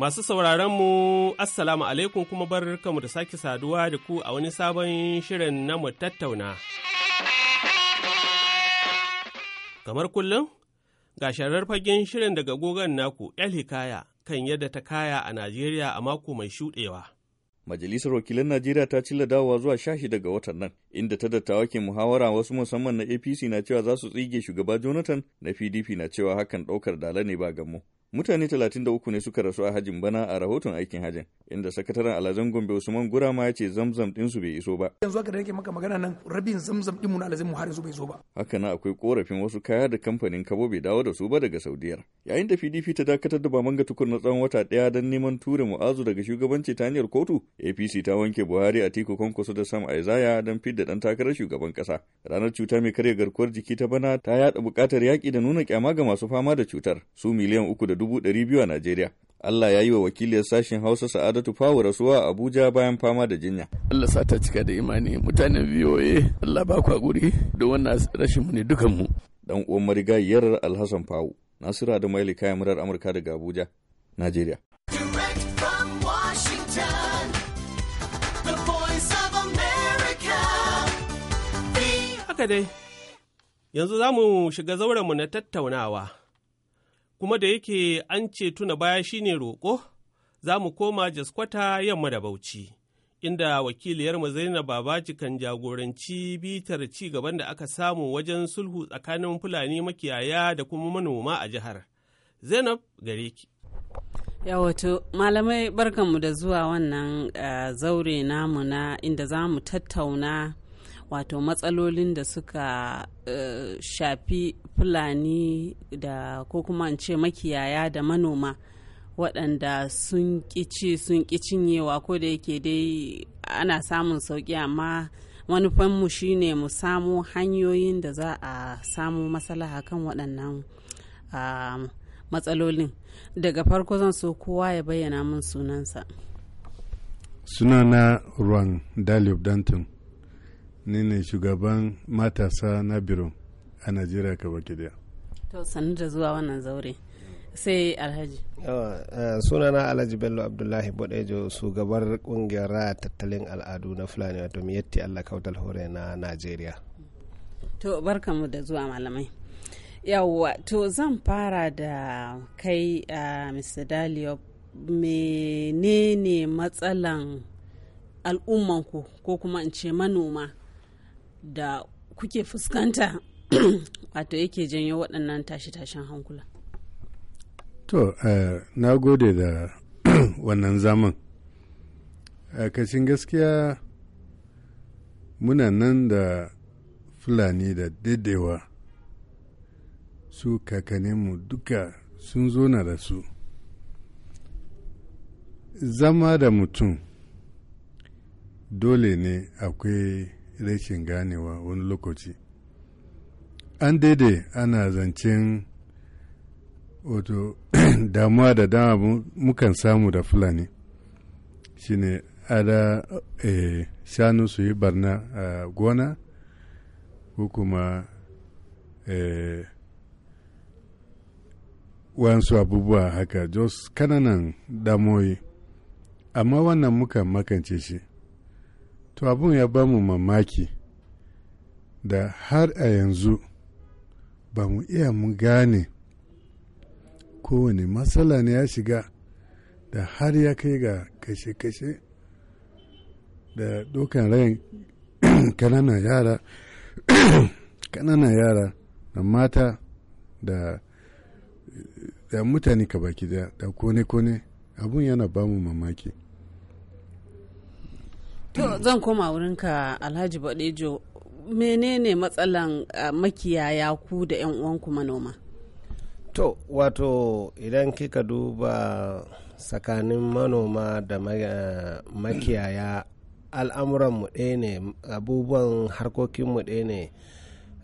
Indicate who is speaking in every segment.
Speaker 1: Masu sauraron mu Assalamu alaikum kuma bar kamu da sake saduwa da ku a wani sabon shirin na mu tattauna. Kamar kullum, ga sharar fagen shirin daga gogon naku El Hikaya kan yadda ta kaya a Najeriya a mako mai shuɗewa.
Speaker 2: Majalisar Wakilan Najeriya ta cilla dawowa zuwa shashi daga watan nan, inda ta dattawa ke muhawara wasu musamman na APC na cewa za su tsige shugaba Jonathan na PDP na cewa hakan ɗaukar dala ne ba gamo. Mutane 33 ne suka rasu a hajin bana a rahoton aikin hajin, inda sakataren Alhazan Gombe Usman Gurama ya ce zamzam su bai iso ba.
Speaker 3: Yanzu haka da nake maka magana nan rabin zamzam ɗinmu na Alhazan mu su bai iso ba.
Speaker 2: Haka na akwai korafin wasu kaya da kamfanin Kabo bai dawo da su ba daga Saudiyar. Yayin da PDP ta dakatar da manga Tukur na tsawon wata ɗaya don neman ture Mu'azu daga shugabanci ta hanyar kotu, APC ta wanke Buhari a tiku Kwankwaso da Sam Aizaya don fidda da ɗan takarar shugaban ƙasa. Ranar cuta mai karya garkuwar jiki ta bana ta yaɗa buƙatar yaƙi da nuna kyama ga masu fama da cutar su miliyan uku da dubu ɗari biyu a Najeriya. Allah ya yi wa wakiliyar sashen Hausa Sa'adatu Fawu rasuwa a Abuja bayan fama da jinya. Allah sa ta cika da imani mutanen VOA Allah ba ku haƙuri da wannan rashin mu ne dukan mu. Dan uwan marigayiyar Alhassan Fawu Nasiru Adamu Ali kayan murar Amurka daga Abuja, Najeriya.
Speaker 1: haka dai, yanzu za mu shiga zauranmu na tattaunawa, kuma da yake an ce tuna baya shine roƙo, za mu koma jaskwata yamma da bauchi, inda wakiliyarmu Zainab Babaji kan jagoranci bitar ci gaban da aka samu wajen sulhu tsakanin Fulani makiyaya da kuma manoma a jihar. Zainab gare ki.
Speaker 4: ya malamai barkanmu da zuwa wannan eh, zaure namu na inda za mu tattauna wato matsalolin da suka uh, shafi fulani da ko kuma in ce makiyaya da manoma waɗanda sun ƙici sun cinyewa ko da yake dai ana samun sauƙi amma manufanmu ne mu samu hanyoyin da za a samu matsala kan waɗannan uh, matsalolin daga farko zan so kowa ya bayyana min sunansa
Speaker 5: sunana ruwan dalib dantin ni ne shugaban matasa na biro a najeriya ka baki daya
Speaker 4: to sannu da zuwa wannan zaure sai alhaji eh, sunana
Speaker 6: alhaji bello abdullahi bodejo shugabar kungiyar raya tattalin al'adu na fulani wato miyatti allah kautal hore na najeriya
Speaker 4: to barkamu da zuwa malamai yawwa to zan fara da kai a eh, mr dalio menene matsalan al'ummanku ko kuma in ce manoma da kuke fuskanta wato yake janyo waɗannan tashi-tashen hankula
Speaker 5: to eh, na gode da wannan zaman eh, kashin gaskiya muna nan da fulani da daidaiwa su kakaninmu duka sun zo na da su zama da mutum dole ne akwai rashin ganewa wani lokaci an daidai ana zancen wato damuwa da dama mukan samu da fulani shine ada eh, shanu su yi barna a gona ko kuma eh, wasu abubuwa haka jos kananan damoyi amma wannan mukan makance shi to abun ya ba mu mamaki da har a yanzu ba mu iya mu gane kowane matsala ne ya shiga da har ya kai ga kashe-kashe da dokan rayan kananan yara kananan yara da mata da da mutane ka baki da kone-kone abun yana bamu mamaki
Speaker 4: To zan koma wurinka Alhaji Badejo menene matsalan ah, makiyaya ku da 'yan uwanku manoma? To
Speaker 6: wato idan kika duba tsakanin manoma da eh, makiyaya al'amuranmu ɗaya ne abubuwan harkokinmu ɗaya ne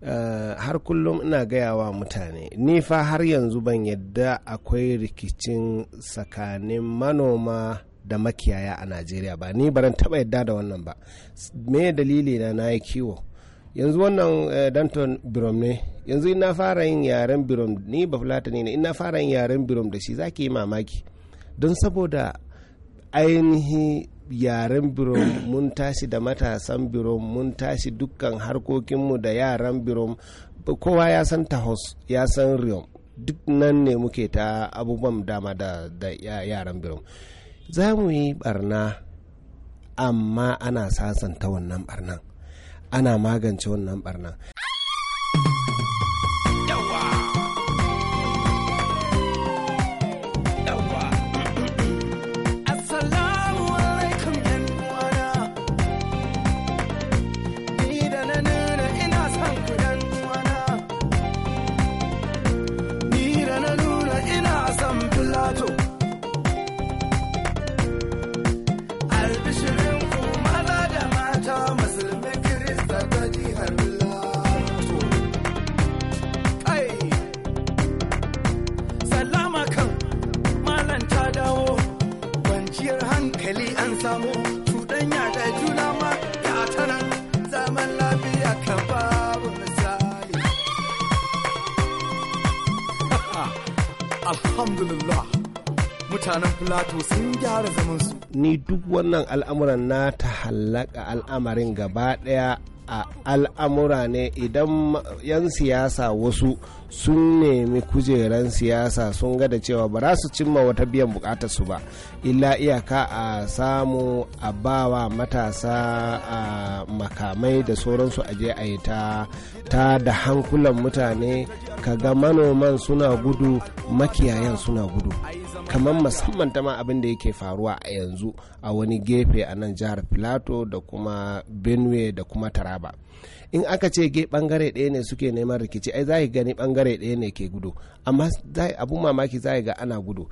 Speaker 6: eh, har kullum ina gaya wa mutane ni fa har yanzu ban yadda akwai rikicin tsakanin manoma da makiyaya a najeriya ba ni baran taba yadda da wannan ba me dalili na na yi kiwo yanzu wannan eh, danton birom ne yanzu ina fara yin yaren birom ni ba fulata ne ina fara yin yaren birom da shi zaki yi mamaki don saboda ainihi yaren birom mun tashi da matasan birom mun tashi dukkan harkokinmu da yaren birom kowa ya san tahos ya san riom duk nan ne muke ta abubuwan dama da yaren birom za mu yi barna amma ana sasanta wannan barnan ana magance wannan barnan alhamdulillah mutanen filato sun gyara zamansu ni duk wannan al'amuran na ta hallaka al'amarin gaba daya a al'amura ne idan 'yan siyasa wasu sun nemi kujeran siyasa sun ga da cewa ba za su cimma wata biyan bukatar su ba illa iyaka a samu a bawa matasa a makamai da sauransu a je a yi ta ta da hankulan mutane kaga manoman suna gudu makiyayan suna gudu kamar musamman ta ma abin da yake faruwa a yanzu a wani gefe a nan jihar filato da kuma benue da kuma taraba in aka ce ge bangare ɗaya ne suke neman rikici ai za gani bangare ɗaya ne ke gudu amma abun mamaki za ga ana gudu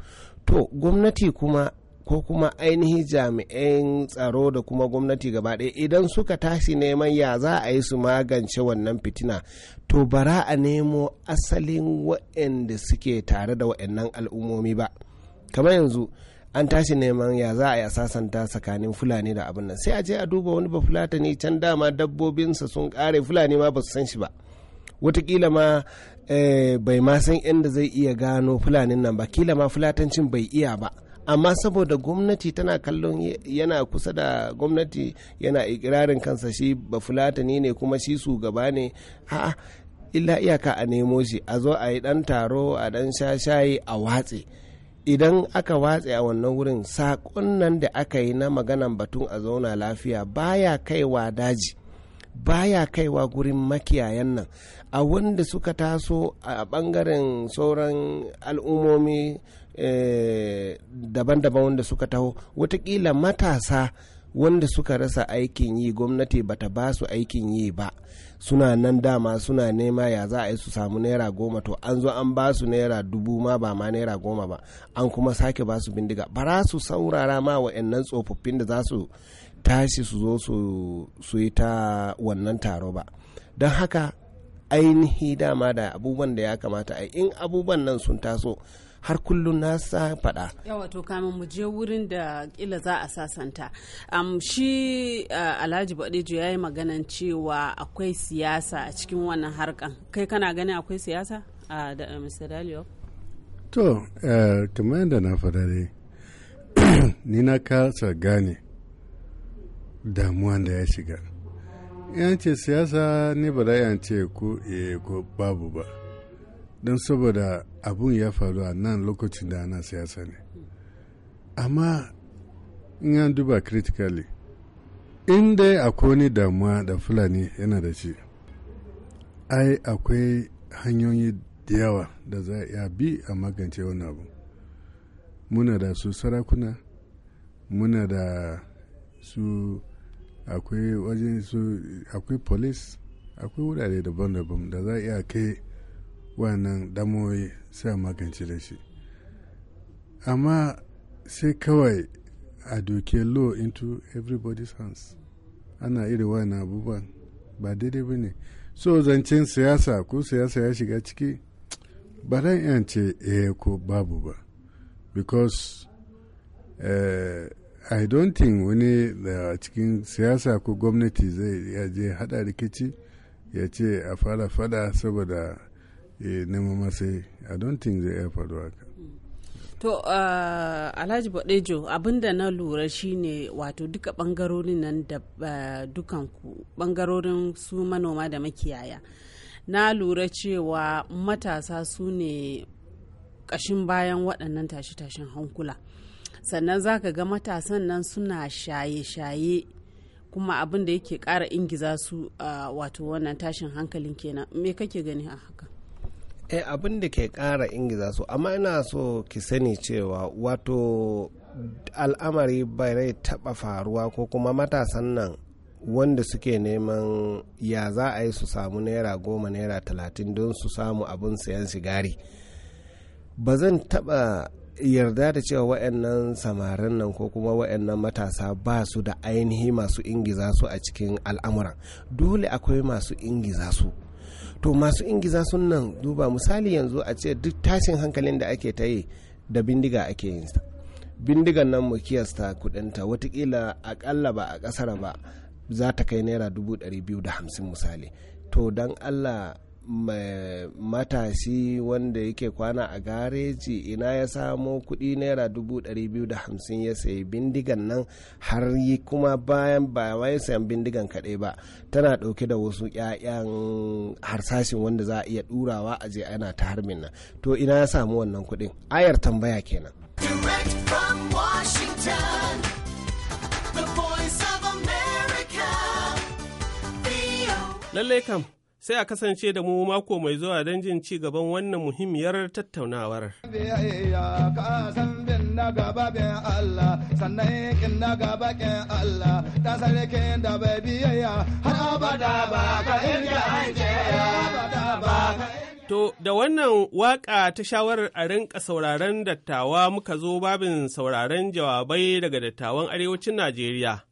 Speaker 6: to gwamnati kuma ko kuma ainihi jami'an tsaro da kuma gwamnati gaba ɗaya idan suka tashi neman ya za a yi su magance wannan fitina to bara a nemo asalin waɗanda suke tare da waɗannan al'ummomi ba. kamar yanzu an tashi neman ya za a yi sasanta tsakanin fulani da abin nan sai a je a duba wani ba ne can dama dabbobinsa sun kare fulani ma ba su san shi ba watakila ma eh, bai ma san inda zai iya gano fulanin nan ba kila ma fulatancin bai iya ba amma saboda gwamnati tana kallon yana kusa da gwamnati yana ikirarin kansa shi ba fulatani ne kuma shi su gaba ne ha illa iyaka a nemo shi a zo a yi dan taro a dan sha shayi a watse idan aka watse a wannan wurin saƙon nan da aka yi na maganan batun a zauna lafiya baya kaiwa daji baya kaiwa gurin makiyayan nan a wanda suka taso a ɓangaren sauran al'ummomi eh, daban-daban wanda suka taho watakila matasa wanda suka rasa aikin yi gwamnati bata ba su aikin yi ba suna nan dama suna nema ya za a yi su samu naira goma to an zo an ba su naira dubu ma ba ma naira goma ba an kuma sake ba su bindiga bara su saurara ma wa'annan tsofaffin da za su tashi su zo su yi ta wannan taro ba don haka ainihi dama da abubuwan da ya kamata a in abubuwan nan sun taso har kullum na sa faɗa.
Speaker 4: yawa to kamin mu je wurin da kila za a sasanta um, shi uh, alhaji badejo ya yi maganan cewa akwai siyasa a cikin wannan harkan kai kana ganin akwai siyasa a uh, da mr dalio to
Speaker 5: kamar yadda na faɗa ne ni na kasa gane damuwan da ya shiga yance siyasa ne ba da yance eh, ko babu ba don saboda abun ya faru a nan lokacin da ana siyasa ne amma in an duba critically in dai akwai damuwa da fulani yana da shi ai akwai hanyoyi da yawa da za a iya bi a magance wani abu muna da su sarakuna muna da su akwai wajen su akwai police akwai wurare daban-daban da za a iya kai wannan damoyi sai a magance da shi amma sai kawai a doke law into everybody's hands ana iri wannan abubuwan ba daidai ba ne so zancen siyasa ko siyasa ya shiga ciki ba ran yance eh ko babu ba because uh, i don't think wani da cikin siyasa ko gwamnati zai je hada rikici ya ce a fara fada saboda Eh, nema masu sai i don't think zai iya faru haka
Speaker 4: to uh, alhaji badejo abinda na lura shine wato duka bangarorin nan da uh, dukanku bangarorin su manoma da makiyaya na lura cewa matasa su ne kashin bayan waɗannan tashi tashin hankula sannan za ka ga matasan nan suna shaye-shaye kuma abin da yake ƙara ingiza su uh, wato wannan tashin hankalin kenan me kake gani a haka
Speaker 6: eh abin da ke kara ingiza so amma ina so ki sani cewa wato al'amari bai taɓa faruwa ko kuma matasan nan wanda suke neman ya za a yi su samu naira goma naira talatin don su samu abin sayan sigari ba zan taɓa yarda da cewa wa'annan samarin nan ko kuma wa'annan matasa ba su da ainihi masu ingiza su a cikin al'amuran dole akwai masu ingiza su to masu ingiza sun nan duba misali yanzu a ce duk tashin hankalin da ake ta yi da bindiga ake yin sa bindigan nan mu kiyasta kudinta watakila akalla ba a kasara ba za ta kai naira dubu ɗari biyu da hamsin misali to don allah matashi wanda yake kwana a gareji ina ya samo kuɗi naira dubu ɗari biyu da hamsin ya sayi bindigan nan har yi kuma bayan ba ya sayan bindigan kaɗai ba tana ɗauke da wasu yayan harsashin wanda za a iya ɗurawa a je ana ta harbin nan to ina ya samu wannan kuɗin ayar tambaya kenan. lallai kam
Speaker 1: sai a kasance da mu mako mai zuwa don jin ci gaban wannan muhimmiyar tattaunawar. To, da wannan waƙa ta shawarar a rinka sauraron dattawa muka zo babin sauraron jawabai daga dattawan arewacin Najeriya.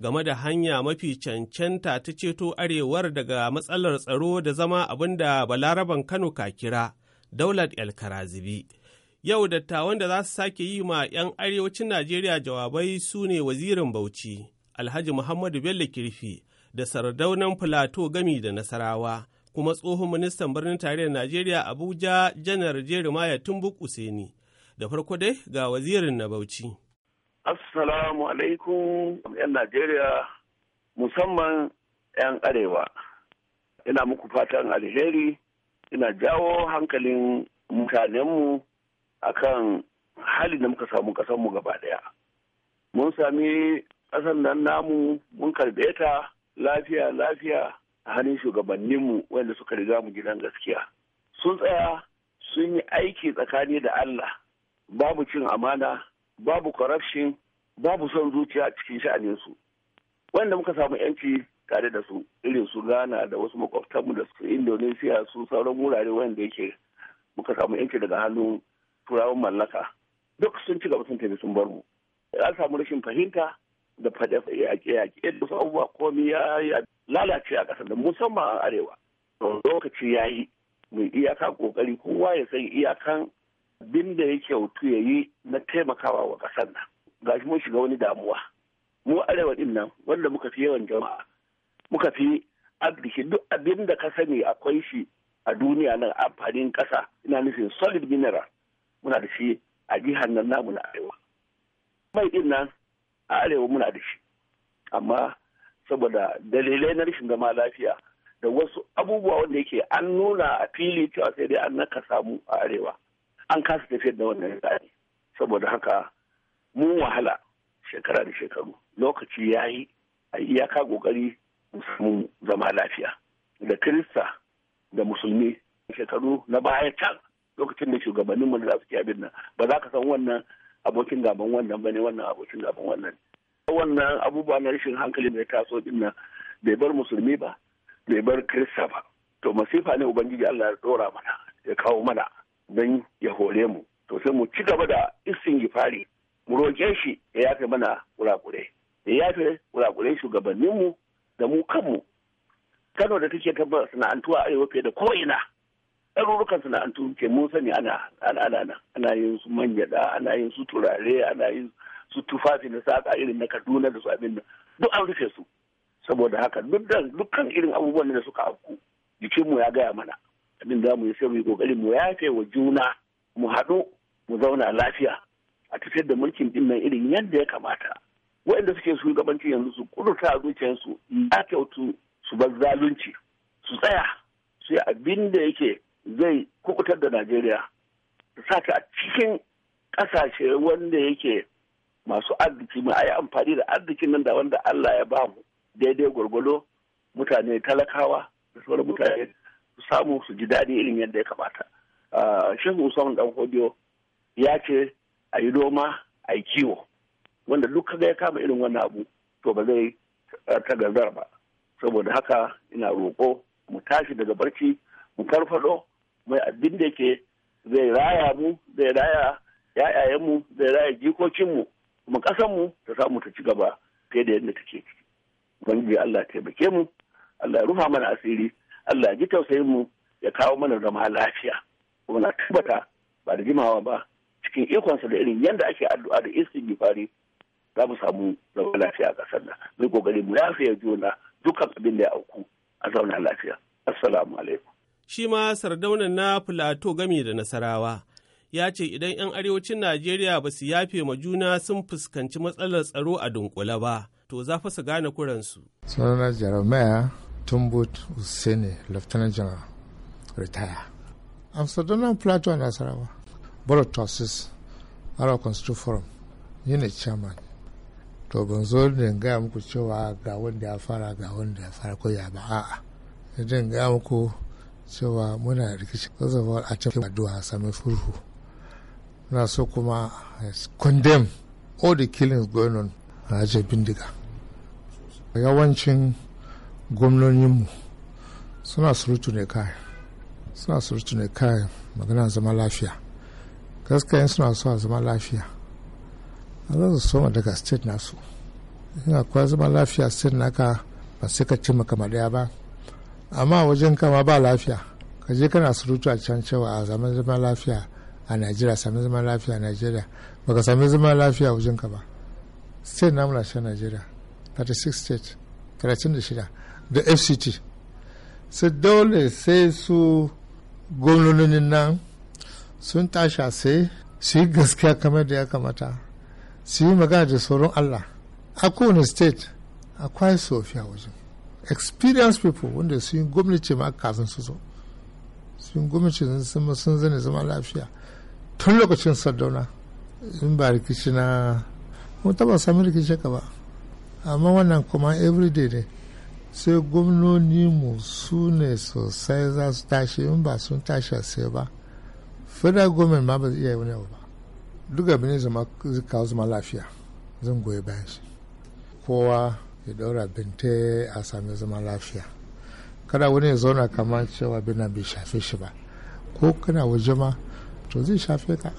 Speaker 1: game da hanya mafi cancanta ta ceto arewar daga matsalar tsaro da zama abin da balaraban Kano ka kira daulat El Karazibi. Yau dattawan da za su sake yi ma 'yan arewacin Najeriya jawabai su ne wazirin Bauchi, Alhaji Muhammadu Bello Kirfi da sardaunan Filato gami da Nasarawa, kuma tsohon ministan birnin tarayyar Najeriya Abuja Janar Jeremiah Tumbuk Useni. Da farko dai ga wazirin na Bauchi.
Speaker 3: Assalamu alaikum 'yan Najeriya musamman 'yan Arewa. Ina muku fatan alheri, ina jawo hankalin mutanenmu akan hali da muka samu kasanmu gaba ɗaya. Mun sami ƙasan nan namu mun karbe ta lafiya lafiya a hannun shugabanninmu wanda suka riga mu gidan gaskiya. Sun tsaya sun yi aiki tsakani da Allah babu cin amana babu corruption babu son zuciya cikin su. wanda muka samu yanci tare da su irin su ghana da wasu makwabtanmu da su indonesia su sauran wurare wanda yake muka samu yanci daga hannun turawan mallaka duk sun ci gaba sun tafi sun bar mu Ya samu rashin fahimta da faɗe yaƙe-yaƙe da su abubuwa komai ya lalace a ƙasar da musamman a arewa lokaci ya yi mai iyaka ƙoƙari kowa ya san iyakan abin da ya kyautu ya yi na taimakawa wa ƙasar nan gashi mun shiga wani damuwa mu arewa din nan wanda muka fi yawan jama'a muka fi arziki duk abin da ka sani akwai shi a duniya nan amfanin ƙasa ina nufin solid mineral muna da shi a jihar nan namu na arewa mai din nan a arewa muna da shi amma saboda dalilai na rashin zama lafiya da wasu abubuwa wanda yake an nuna a fili cewa sai dai an naka samu a arewa an kasa tafiyar da wannan tsari saboda haka mu wahala shekara da shekaru lokaci ya yi a iyaka kokari mu zama lafiya da kirista da musulmi shekaru na baya can lokacin da shugabannin da za su abin nan ba za ka san wannan abokin gaban wannan bane wannan abokin gaban wannan wannan abubuwa na rashin hankali mai taso din nan bai bar musulmi ba bai bar kirista ba to masifa ne ubangiji Allah ya dora mana ya kawo mana don ya hore mu to sai mu ci gaba da istin fari mu roƙe shi ya yafe mana kurakure ya yafe kurakure shugabanninmu da mu kanmu kano da take ta sana'antuwa arewa fiye da ko'ina ɗarurrukan sana'antu ke mun sani ana ana ana yin su manyaɗa ana yin su turare ana yin su tufafi na saka irin na kaduna da su abin nan duk an rufe su saboda haka dukkan irin abubuwan da suka afku jikinmu ya gaya mana abin za mu yi sai mu yi kokari mu yafe wa juna mu haɗu mu zauna lafiya a tafiyar da mulkin din nan irin yadda ya kamata waɗanda suke shugabanci yanzu su kuruta a zuciyarsu ya kyautu su bar zalunci su tsaya su yi abin da yake zai kukutar da najeriya su sa ta a cikin ƙasashe wanda yake masu arziki mu a yi amfani da arzikin nan da wanda allah ya bamu daidai gwargwado mutane talakawa da sauran mutane samu su ji daɗi irin yadda ya kamata ah, shehu usman dan hodiyo ya ce a yi noma a yi kiwo wanda duk kaga ya kama irin wannan abu to ba zai ah, tagazar ba saboda haka ina roƙo mu tashi daga barci mu farfado mai abin da ke zai raya mu zai raya yayayenmu zai raya jikokinmu kuma ƙasanmu ta samu ta ci gaba fiye da yadda take ciki ubangiji Allah taimake mu Allah ya rufa mana asiri Allah ji tausayin mu ya kawo mana zama lafiya kuma na tabbata ba da jimawa ba cikin ikonsa da irin yadda ake addu'a da istighfari za mu samu zama lafiya a ƙasar nan mai kokari mu lafiya juna dukkan abin da ya auku a zauna lafiya assalamu alaikum
Speaker 1: shi ma sardaunan na filato gami da nasarawa
Speaker 3: ya ce idan
Speaker 1: 'yan arewacin najeriya ba su yafe ma juna sun fuskanci matsalar tsaro a dunkule ba to za fa su gane kuransu
Speaker 7: sunana jeremiah tumbut usene lieutenant general retire amsterdam plateau Asarawa. board of trustees ara constitute forum Unit chairman to ban zo Gam gaya muku cewa ga wanda ya fara ga wanda ya fara ko ya ba a'a ne gaya muku cewa muna rikici zazzaba a cikin addu'a sami furhu kuma all the killings going on a bindiga yawancin gwamnoninmu suna surutu ne kayan suna surutu ne kayan magana zama lafiya gaskiya suna so a zama lafiya a za su soma daga state nasu in akwai zama lafiya state naka ba sai ka cimma kama maɗaya ba amma wajen kama ba lafiya ka je kana surutu a can cewa a zama zama lafiya a najeriya sami zama lafiya a najeriya baka sami zama lafiya wajen ka ba state namu na shan nigeria 36 state 36 da fct su dole sai su gwamnonin nan sun tashi sai su yi gaskiya kamar da ya kamata su yi magana da sauran allah a kowane state akwai sofiya wajen experienced people wanda su yi gwamnati ma kasan su zo su yi gwamnati sun zane zama lafiya tun lokacin sardauna in ba rikici na mun taba samun rikici ka ba amma wannan kuma everyday ne sai gwamnoni mu su ne sosai za su tashi in ba sun tashi a sai ba federal government ma ba zai iya wani ba duk abin zama zai kawo zama lafiya zan goyi bayan shi kowa ya daura binte a sami zama lafiya kada wani ya zauna kamar cewa bina bai shafe shi ba ko kana waje ma to zai shafe ka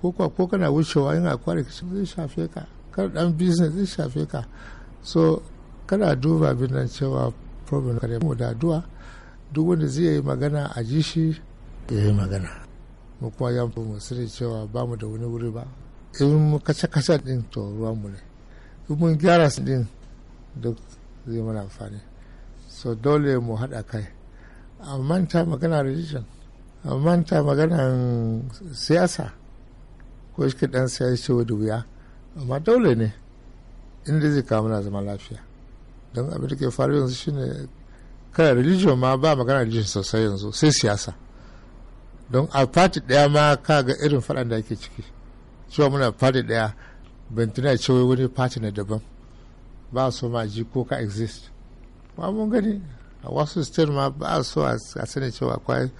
Speaker 7: ko kuwa ko kana wucewa in akwai rikici zai shafe ka kar dan business zai shafe ka so kana duba abin nan cewa problem kare mu da addu'a duk wanda zai yi magana a ji shi ya yi magana mu kuma ya mu sani cewa ba mu da wani wuri ba in mu kace kasa din to ruwan mu ne in mun gyara su din duk zai mana amfani so dole mu haɗa kai a manta magana religion a manta maganan siyasa ko shi ɗan siyasa ce da wuya amma dole ne inda zai kawo mana zama lafiya don abin da ke faru yanzu shine kada religion ma ba magana religion sosai yanzu sai siyasa don a party daya ma ka ga irin faɗan da ake ciki cewa muna party daya ban tuna cewa wani fati na daban ba so ma ji ko ka exist ma mun gani a wasu state ma ba so a sani cewa akwai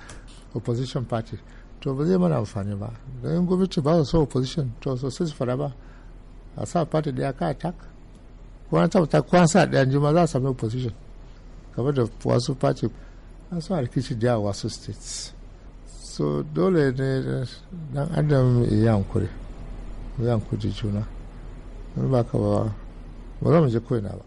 Speaker 7: opposition party to ba zai mana amfani ba don gwamnati ba su so opposition to so sai su fara ba a sa party daya ka attack kuma tabbata kwasa da juma za a sami position kamar da wasu face su a rikici da wasu states so dole ne dan adam ya hankuri ya hankuri juna ba ka ba ba za mu je koina ba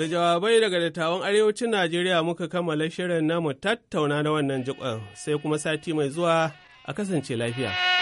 Speaker 7: Da jawabai daga
Speaker 1: dattawan arewacin Najeriya muka kammala shirin namu tattauna na wannan jikon sai kuma sati mai zuwa a kasance lafiya.